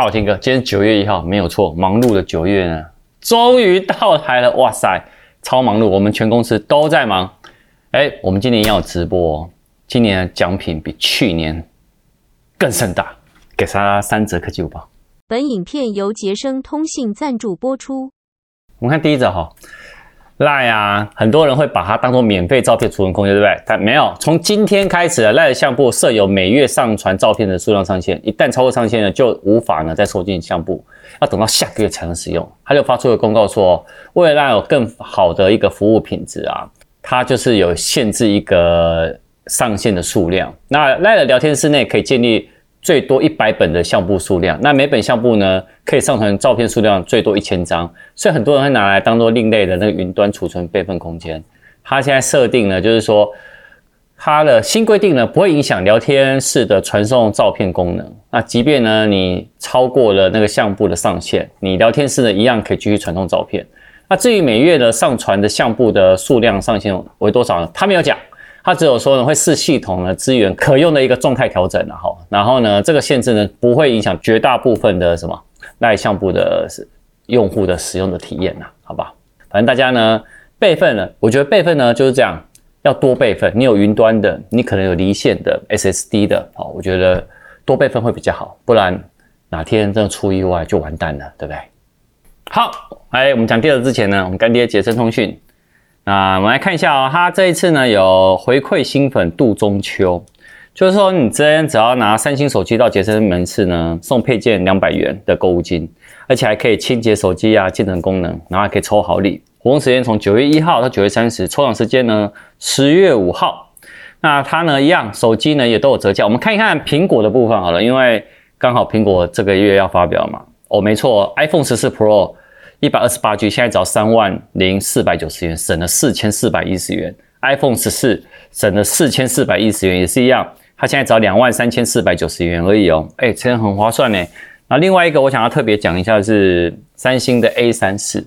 啊、我 Tim 哥，今天九月一號沒有錯，忙碌的九月呢，終於到來了，哇塞，超忙碌，我們全公司都在忙。哎，我們今年要直播、哦，今年的獎品比去年更盛大，給他 3C 科技午報。本影片由傑生通信贊助播出。我們看第一則、哦。哈。LINE 啊，很多人會把它當做免費照片儲存空間，對不對？但沒有，從今天開始，LINE 的相簿設有每月上傳照片的數量上限，一旦超過上限了，就無法呢再收進相簿，要等到下個月才能使用。他就發出了公告說，為了讓有更好的一個服務品質啊，它就是有限制一個上限的數量。那 LINE 的聊天室內可以建立。最多一百本的相簿數量，那每本相簿呢可以上傳照片數量最多一千張，所以很多人會拿來當做另類的那個雲端儲存備份空間。它現在設定呢，就是說，它的新規定呢不會影響聊天室的傳送照片功能。那即便呢你超過了那個相簿的上限，你聊天室呢一樣可以繼續傳送照片。那至於每月的上傳的相簿的數量上限為多少呢？他沒有講。它只有說呢，會視系統呢資源可用的一個狀態調整了、啊、哈，然後呢，這個限制呢不會影響絕大部分的什麼 LINE 相簿的用戶的使用的體驗吶、啊，好吧？反正大家呢備份呢，我覺得備份呢就是這樣，要多備份。你有雲端的，你可能有離線的 SSD 的，好，我覺得多備份會比較好，不然哪天真的出意外就完蛋了，對不對？好，來我們講第二個之前呢，我們乾爹捷昇通訊。那我們來看一下哦，它這一次呢有回饋新粉度中秋，就是說你這邊只要拿三星手機到杰森門市呢送配件兩百元的購物金，而且還可以清潔手機啊，智能功能，然後還可以抽好禮。活動時間從九月一號到九月三十，抽獎時間呢十月五號。那它呢一樣，手機呢也都有折價。我們看一看蘋果的部分好了，因為剛好蘋果這個月要發表嘛。哦，沒錯，iPhone 14 Pro。一百二十八 G 現在只要三萬零四百九十元，省了四千四百一十元。iPhone 十四省了四千四百一十元，也是一樣，它現在只要兩萬三千四百九十元而已哦。哎，這樣很划算呢。那另外一個我想要特別講一下的是三星的 A 三四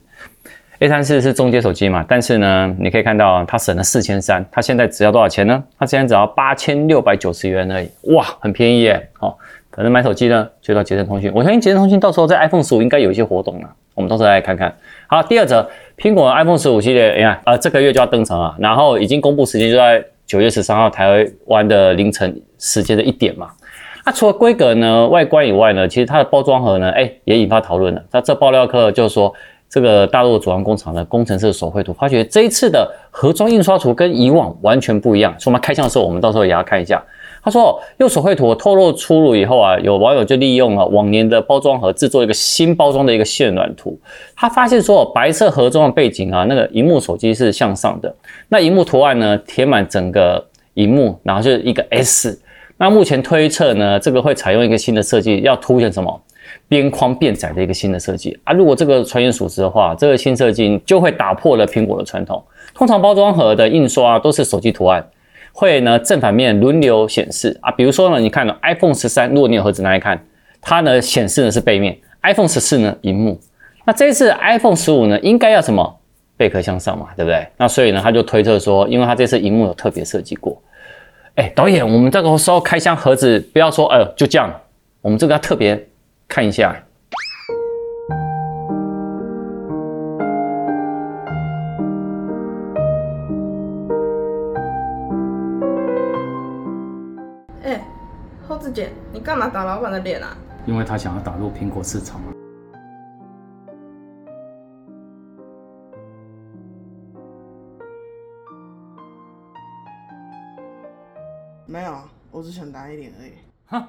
，A 三四是中階手機嘛，但是呢，你可以看到它省了四千三，它現在只要多少錢呢？它現在只要八千六百九十元而已，哇，很便宜耶。好、哦，反正買手機呢就到傑昇通訊，我相信傑昇通訊到時候在 iPhone 十五應該有一些活動了。我們到時候來看看。好，第二則，蘋果 iPhone 十五系列，你看，啊，這個月就要登場了，然後已經公布時間就在九月十三號台灣的凌晨時間的一點嘛、啊。那除了規格呢、外觀以外呢，其實它的包裝盒呢，哎，也引發討論了。那這爆料客就是說，這個大陸組裝工廠的工程師的手繪圖，發覺這一次的盒裝印刷圖跟以往完全不一樣。所以，我們開箱的時候，我們到時候也要看一下。他說，右手繪圖透露出爐以後啊，有網友就利用了往年的包裝盒製作一個新包裝的一個渲染圖。他發現說，白色盒裝的背景啊，那個熒幕手機是向上的，那熒幕圖案呢，填滿整個熒幕，然後就是一個 S。那目前推測呢，這個會採用一個新的設計，要凸顯什麼？邊框變窄的一個新的設計啊。如果這個傳言屬實的話，這個新設計就會打破了蘋果的傳統。通常包裝盒的印刷都是手機圖案。會呢，正反面輪流顯示啊。比如說呢，你看了 iPhone 十三，如果你有盒子拿來看，它呢顯示的是背面；iPhone 十四呢，螢幕。那這一次 iPhone 十五呢，應該要什麼？背殼向上嘛，對不對？那所以呢，他就推測說，因為他這次熒幕有特別設計過。哎，導演，我們這個時候開箱盒子，不要說，哎、呃，就這樣。我們這個要特別看一下。志杰，你幹嘛打老闆的臉啊？因為他想要打入蘋果市場嘛、啊。沒有，我只想打一點而已。哈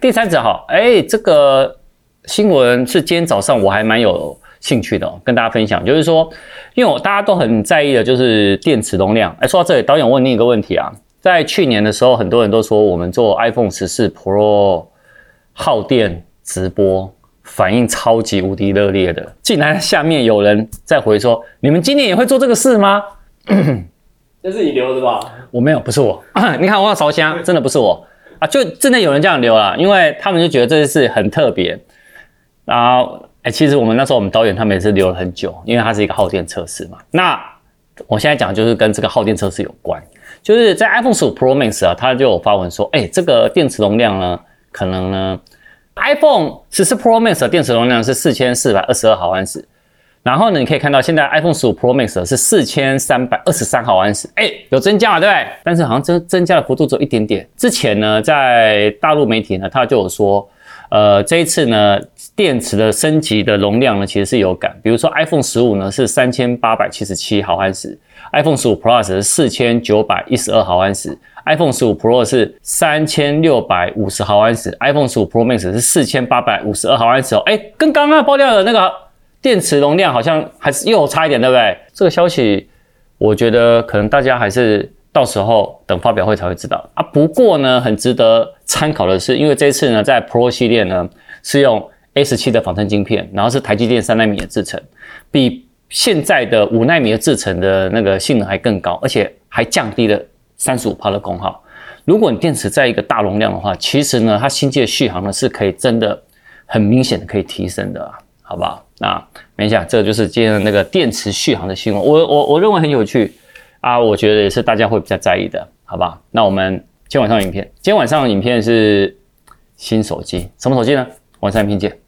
第三者哈，哎、欸，這個新聞是今天早上我還蠻有興趣的哦，跟大家分享，就是說，因為我大家都很在意的，就是電池容量。誒，說到這裡，導演問你一個問題啊，在去年的時候，很多人都說我們做 iPhone 14 Pro 耗電直播，反應超級無敵熱烈的，竟然下面有人在回說，你們今年也會做這個事嗎？ 這是你留的吧？我沒有，不是我。啊、你看，我要燒香，真的不是我啊，就真的有人這樣留了，因為他們就覺得這件事很特別，然後、啊欸，其實我們那時候，我們導演他們也是留了很久，因為它是一個耗電測試嘛。那我現在講的就是跟這個耗電測試有關，就是在 iPhone 十五 Pro Max 啊，它就有發文說，欸，這個電池容量呢，可能呢，iPhone 十四 Pro Max 的電池容量是四千四百二十二毫安時，然後呢，你可以看到現在 iPhone 十五 Pro Max 的是四千三百二十三毫安時，欸，有增加嘛，對不對？但是好像增增加的幅度只有一點點。之前呢，在大陸媒體呢，它就有說。呃，這一次呢，電池的升級的容量呢，其實是有改。比如說，iPhone 十五呢是三千八百七十七毫安時，iPhone 十五 Plus 是四千九百一十二毫安時，iPhone 十五 Pro 是三千六百五十毫安時，iPhone 十五 Pro Max 是四千八百五十二毫安時哦。哎，跟剛剛爆料的那個電池容量好像還是又差一點，對不對？這個消息，我覺得可能大家還是。到時候等發表會才會知道啊。不過呢，很值得參考的是，因為這次呢，在 Pro 系列呢是用 A17 的仿生晶片，然後是台積電三奈米的製程，比現在的五奈米的製程的那個性能還更高，而且還降低了三十五趴的功耗。如果你電池在一個大容量的話，其實呢，它新機的續航呢是可以真的很明顯的可以提升的，好不好？那沒想，這個、就是今天的那個電池續航的新聞，我我我認為很有趣。啊，我覺得也是大家會比較在意的，好不好？那我們今天晚上影片，今天晚上影片是新手機，什麼手機呢？晚上影片見。